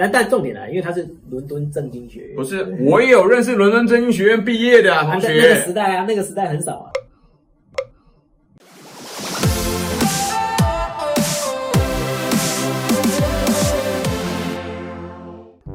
但但重點來、啊，因為他是倫敦，是吧倫敦政經學院，不是，我也有認識倫敦政經學院畢業的啊，對同學。那個時代啊，那個時代很少啊。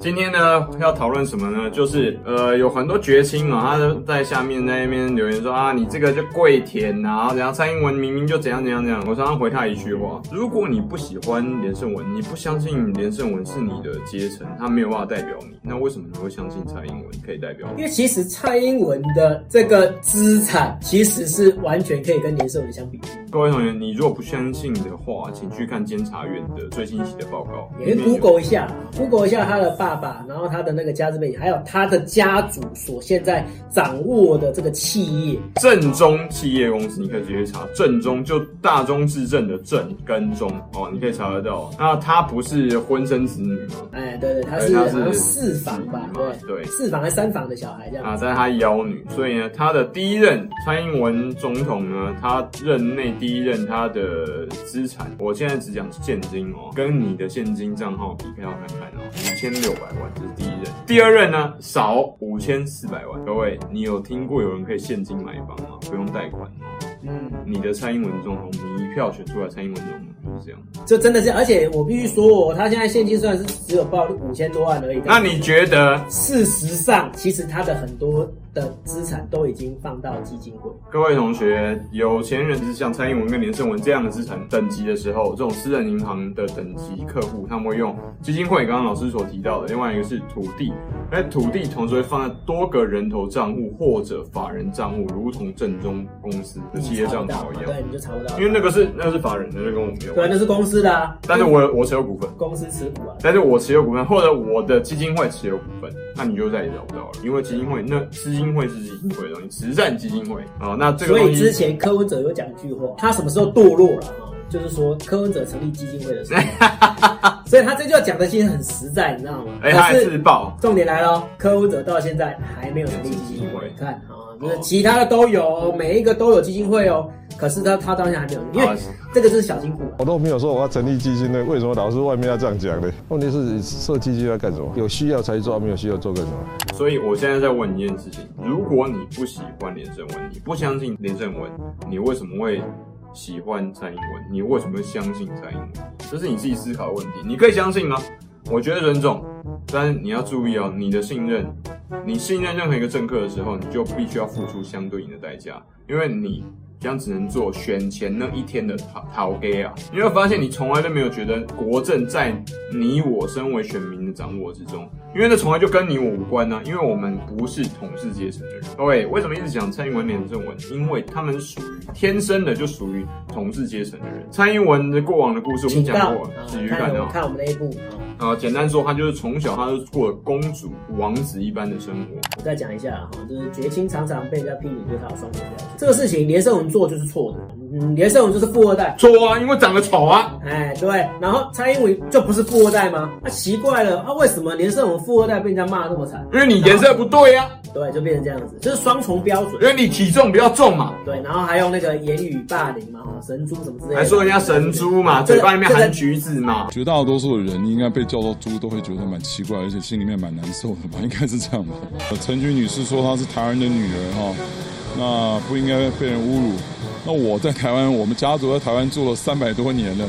今天呢，要討論什麼呢？就是呃，有很多覺青嘛，他在下面在那一邊留言說啊，你這個就跪舔吶，然後怎樣蔡英文明明就怎樣怎樣怎樣。我常常回他一句話：如果你不喜歡連勝文，你不相信連勝文是你的階層，他沒有辦法代表你，那為什麼你會相信蔡英文可以代表你？因為其實蔡英文的這個資產其實是完全可以跟連勝文相比的。各位同學，你如果不相信的話，請去看監察院的最新一期的報告。你 Google 一下，Google 一下他的爸爸，然後他的那個家世背景，還有他的家族所現在掌握的這個企業，正中企業公司，你可以直接查。Okay. 正中就大中至正的正跟中哦，你可以查得到。那、啊、他不是婚生子女嗎？哎、欸，對，對對，他是什麼四房吧？對對，對四房還三房的小孩這樣啊？在他幺女，嗯、所以呢，他的第一任蔡英文總統呢，他任內。第一任他的資產，我現在只講現金哦、喔，跟你的現金賬號比開，我看看哦、喔，五千六百萬，這是第一任。第二任呢，少五千四百萬。各位，你有聽過有人可以現金買房嗎？不用貸款嗎？嗯。你的蔡英文總統，你一票選出來的蔡英文總統是這樣。這真的是，而且我必須說、哦，他現在現金算是只有報五千多萬而已。那你覺得？事實上，其實他的很多的資產都已經放到基金會。各位同學，有錢人，就是像蔡英文跟連勝文這樣的資產等級的時候，這種私人銀行的等級客戶，他們會用基金會。剛剛老師所提到的，另外一個是土地，土地同時會放在多個人頭賬戶或者法人賬戶，如同正中公司的企業賬戶一樣。對，你就查不到，因為那個是那個、是法人的，那個、跟我沒有。對，那是公司的、啊，但是我為我持有股份，公司持股啊，但是我持有股份，或者我的基金會持有股份。那你就再也找不到了，因為基金會，那基金會是基金會的東西，慈善基金會哦，那這個所以之前柯文哲有講一句話，他什麼時候墮落了？就是說，柯文哲成立基金會的時候， 所以他這句話講的其實很實在，你知道嗎？哎，自爆，重點來了，柯文哲到現在還沒有成立基金會，金會你看啊，嗯哦、就是其他的都有，每一個都有基金會哦。嗯、可是他他到現在還沒有，因為、欸、這個是小金庫、啊、我都沒有說我要成立基金會，為什麼老是外面要這樣講呢？問題是你設基金要幹什麼？有需要才做，沒有需要做幹什麼？所以我現在在問你一件事情：如果你不喜歡連勝文，你不相信連勝文，你為什麼會？喜歡蔡英文，你為什麼會相信蔡英文？這是你自己思考的問題。你可以相信嗎？我覺得尊重，但是你要注意哦。你的信任，你信任任何一個政客的時候，你就必須要付出相對應的代價，因為你這樣只能做選前那一天的頭家啊。你會發現，你從來都沒有覺得國政在你我身為選民的掌握之中。因為那從來就跟你我無關呢、啊，因為我們不是統治階層的人。各位，為什麼一直講蔡英文連勝文？因為他們屬於天生的就屬於統治階層的人。蔡英文的過往的故事我們講過，屬哦到。看，嗯、我看我們那一部。啊、嗯嗯，簡單說，他就是從小他就過了公主王子一般的生活。我再講一下哈，就是絕親常常被人家批評對他有雙重標準。這個事情連勝文做就是錯的。嗯，連勝文就是富二代。錯啊，因為長得醜啊。哎，對。然後蔡英文就不是富二代嗎？啊奇怪了，啊為什麼連勝文富二代被人家罵這麼慘？因為你顏色不對呀、啊。對，就變成這樣子，就是雙重標準。因為你體重比較重嘛。對，然後還有那個言語霸凌嘛，哈，神豬什麼之類的，還說人家神豬嘛，就是、嘴巴裡面含橘子嘛。絕大多數的人應該被叫做豬都會覺得蠻奇怪，而且心裡面蠻難受的吧？應該是這樣吧。陳 菊女士說她是台灣的女兒哈。那不應該被人侮辱。那我在台灣，我們家族在台灣住了三百多年了。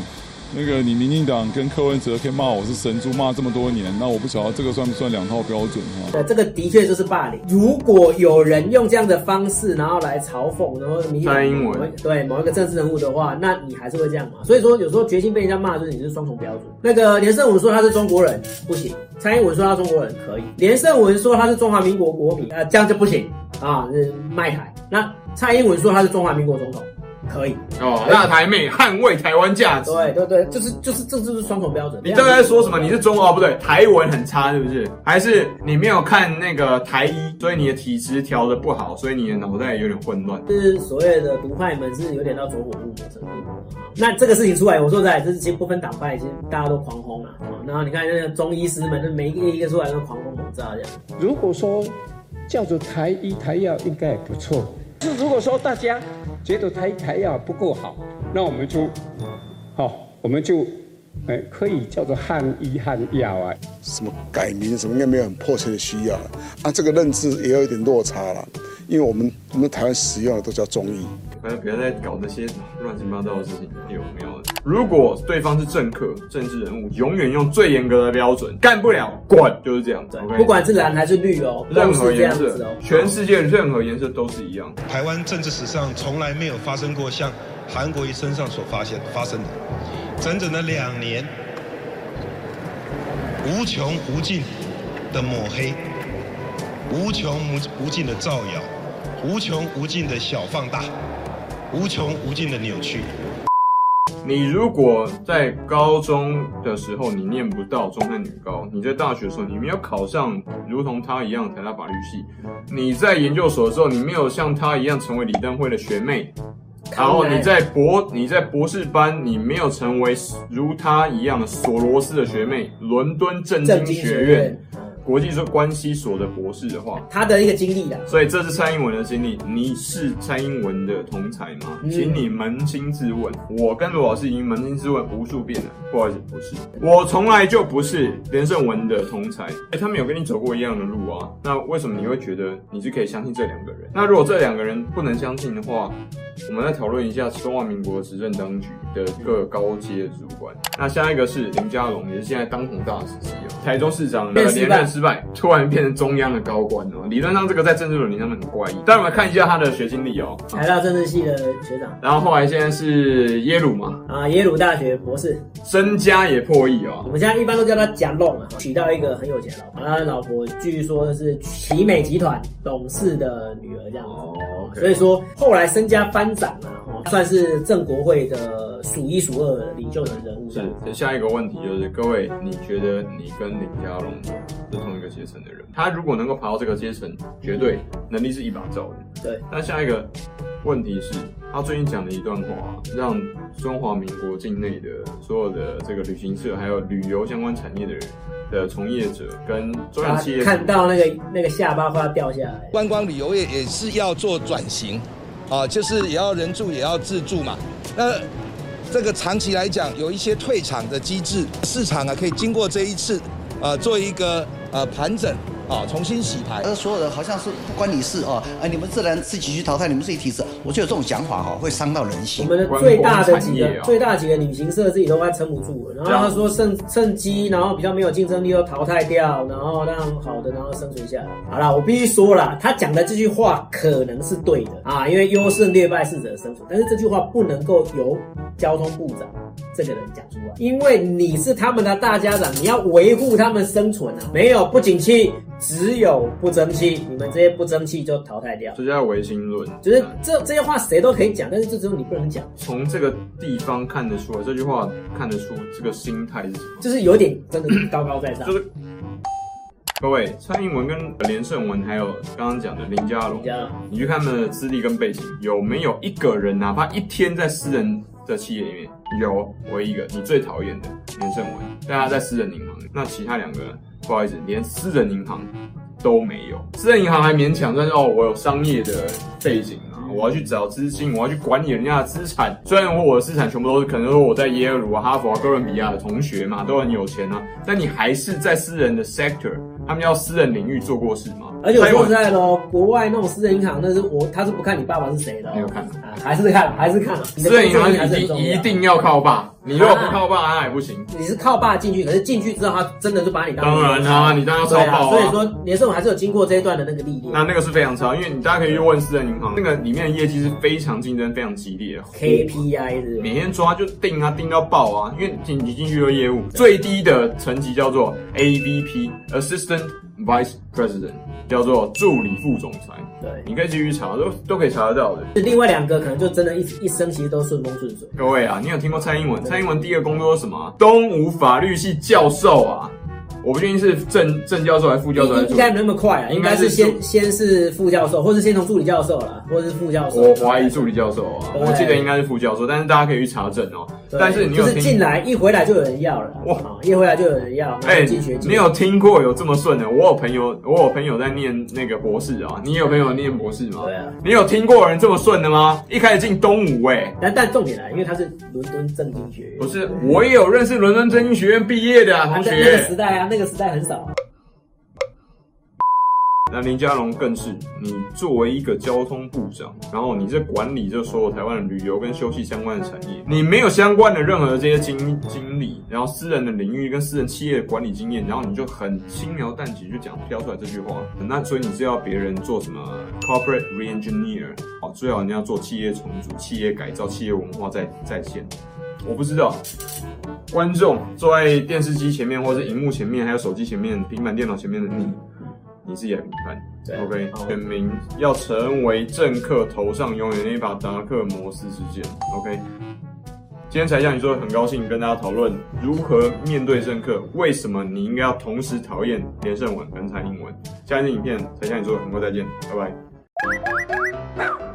那個你民進黨跟柯文哲可以罵我是神豬，罵這麼多年，那我不曉得這個算不算兩套標準哈、啊？對，這個的確就是霸凌。如果有人用這樣的方式，然後來嘲諷，然後民蔡英文對某一個政治人物的話，那你還是會這樣嘛？所以說，有時候決心被人家罵，就是你是雙重標準。那個連勝文說他是中國人，不行；蔡英文說他中國人可以，連勝文說他是中華民國國民，那、呃、這樣就不行。啊，就是賣台。那蔡英文說他是中華民國總統，可以哦。那台妹捍衛台灣價值，對對對，就是就是這就是雙、就是、重標準。你剛才在說什麼？對你是中哦對不對，台文很差是不是？還是你沒有看那個台醫，所以你的體質調得不好，所以你的腦袋有點混亂。就是所謂的獨派們是有點到走火入魔程度。那這個事情出來，我說實在，這是其實不分黨派，其實大家都狂轟啊。然後你看那個中醫師們就每一個一個出來都狂轟猛炸這樣。如果說。叫做台醫台藥應該也不錯。就如果說大家覺得台醫台藥不夠好，那我們就，好，哦，我們就，哎，可以叫做漢醫漢藥啊，什麼改名什麼，應該沒有很迫切的需要啊，啊這個認知也有一點落差了，因為我們我們台灣使用的都叫中醫。反正不要再搞那些亂七八糟的事情，有沒有？如果對方是政客、政治人物，永遠用最嚴格的標準，幹不了，滾，就是這樣子。不管是藍還是綠哦，任何顏色，全世界任何顏色都是一樣。台灣政治史上從來沒有發生過像韓國瑜身上所發現發生的，整整的兩年，無窮無盡的抹黑，無窮無盡的造謠，無窮無盡的小放大，無窮無盡的扭曲。你如果在高中的時候，你念不到中山女高你在大學的時候，你沒有考上如同他一樣的台大法律系你在研究所的時候，你沒有像他一樣成為李登輝的學妹乃然後你在博你在博士班你沒有成為如他一樣的索羅斯的學妹，倫敦政經學院。國際關係所的博士的話，他的一個經歷的，所以這是蔡英文的經歷。你是蔡英文的同才嗎？請你捫心自問。嗯、我跟羅老師已經捫心自問無數遍了，不好意思，不是。我從來就不是連勝文的同才。哎、欸，他們有跟你走過一樣的路啊？那為什麼你會覺得你是可以相信這兩個人？那如果這兩個人不能相信的話？我們來討論一下中華民國執政當局的各高階主管，那下一個是林佳龍，也是現在當紅大時事哦，台中市長連任失敗，失敗突然變成中央的高官哦。理論上這個在政治倫理上面很怪異。大我們看一下他的學經歷哦，台大政治系的學長，嗯、然後後來現在是耶魯嘛，啊耶魯大學博士，身家也破億哦。我們現在一般都叫他佳龍啊，娶到一個很有錢的的老婆，他的老婆據說是奇美集團董事的女兒這樣子。哦 Okay. 所以說後來身家班長啊，算是正國會的數一數二的領袖的人物。是。下一個問題就是，各位，你覺得你跟林佳龍是同一個階層的人？他如果能夠爬到這個階層，絕對能力是一把罩的。對。那下一個問題是，他最近講的一段話，讓中華民國境內的所有的這個旅行社，還有旅遊相關產業的人。的從業者跟中介，看，看到那個那個下巴快要掉下來，觀光旅遊業也是要做轉型，啊，就是也要人住也要自住嘛，那這個長期來講有一些退場的機制，市場啊可以經過這一次，啊做一個呃盤整。哦，重新洗牌，而、啊、所有的好像是不關你事哦、哎，你們自然自己去淘汰，你們自己提子。我覺得這種想法哈、哦，會傷到人心。我們的最大的幾個、哦、最大幾個旅行社自己都快撐不住了，然後他說趁趁機，然後比較沒有競爭力都淘汰掉，然後讓好的然後生存下來。好啦，我必須說了，他講的這句話可能是對的啊，因為優勝劣敗、適者的生存，但是這句話不能夠由交通部長這個人講出來，因為你是他們的大家長，你要維護他們生存啊，沒有不景氣。只有不爭氣，你們這些不爭氣就淘汰掉，這叫唯心論。就是這、嗯、這些話誰都可以講，但是就只有你不能講。從這個地方看得出來，這句話看得出這個心態是什麼？就是有點真的高高在上。就是、 這個，各位蔡英文跟連勝文，還有剛剛講的林佳龍，林佳龍你去看他們的資歷跟背景，有沒有一個人，哪怕一天在私人的企業裡面？有唯一一個你最討厭的連勝文，大家在私人銀行，那其他兩個呢？不好意思，連私人銀行都沒有。私人銀行還勉強，但是哦，我有商業的背景啊，我要去找資金，我要去管理人家的資產。雖然我我的資產全部都是，可能說我在耶魯啊、哈佛啊、哥倫比亞的同學嘛，都很有錢啊，但你還是在私人的 sector，他們要私人領域做過事嗎？而且我說實在的，喔，晚國外那種私人銀行，那是我他是不看你爸爸是誰的，喔，沒有看、啊、看，還是看還是看了。私人銀行你你一定要靠爸，你如果不靠爸，那也不行。啊、你是靠爸進去，可是進去之後，他真的就把你當你當然啊，你當然要超保，所以說，連勝文還是有經過這一段的那個歷練。那那個是非常差，因為你大家可以去問私人銀行，那個裡面的業績是非常競爭非常激烈的，K P I 是每天抓就定、啊，他定到爆啊，因為你進去做業務，對最低的層級叫做 A V P Assistant Vice President。叫做助理副總裁，對，你可以繼續查，都都可以查得到的。另外兩個可能就真的一，一一生，其實都順風順水。各位啊，你有聽過蔡英文，對蔡英文第一個工作是什麼？東吳法律系教授啊。我不確定是正正教授還是副教授，應該沒那麼快啊，應該是先先是副教授，或是先從助理教授啦，或是副教授。我懷疑助理教授啊，我記得應該是副教授，但是大家可以去查證哦。但是你就是進來一回來就有人要了，哇！一回來就有人要，哎，你有聽過有這麼順的，我有朋友，我有朋友在念那個博士啊，你有朋友念博士嗎？對啊，你有聽過有人這麼順的嗎？一開始進東吳哎，但但重點來，因為他是倫敦政經學院，不是我也有認識倫敦政經學院畢業的同學，那個時代啊那。這個時代很少。那林佳龍更是，你作為一個交通部長，然後你在管理就所有台灣的旅遊跟休息相關的產業，你沒有相關的任何的這些經經歷，然後私人的領域跟私人企業的管理經驗，然後你就很輕描淡寫就講飄出來這句話。那所以你就要別人做什麼 corporate re-engineer 最好你要做企業重組、企業改造、企業文化再再現。我不知道。觀眾坐在電視機前面，或是熒幕前面，還有手機前面、平板電腦前面的你，你自己也明白。OK，全民要成為政客頭上永遠那把達克摩斯之劍。OK，今天才向你說的，很高興跟大家討論如何面對政客，為什麼你應該要同時討厭連勝文跟蔡英文。下一段影片才向你說，很快再見，拜拜。嗯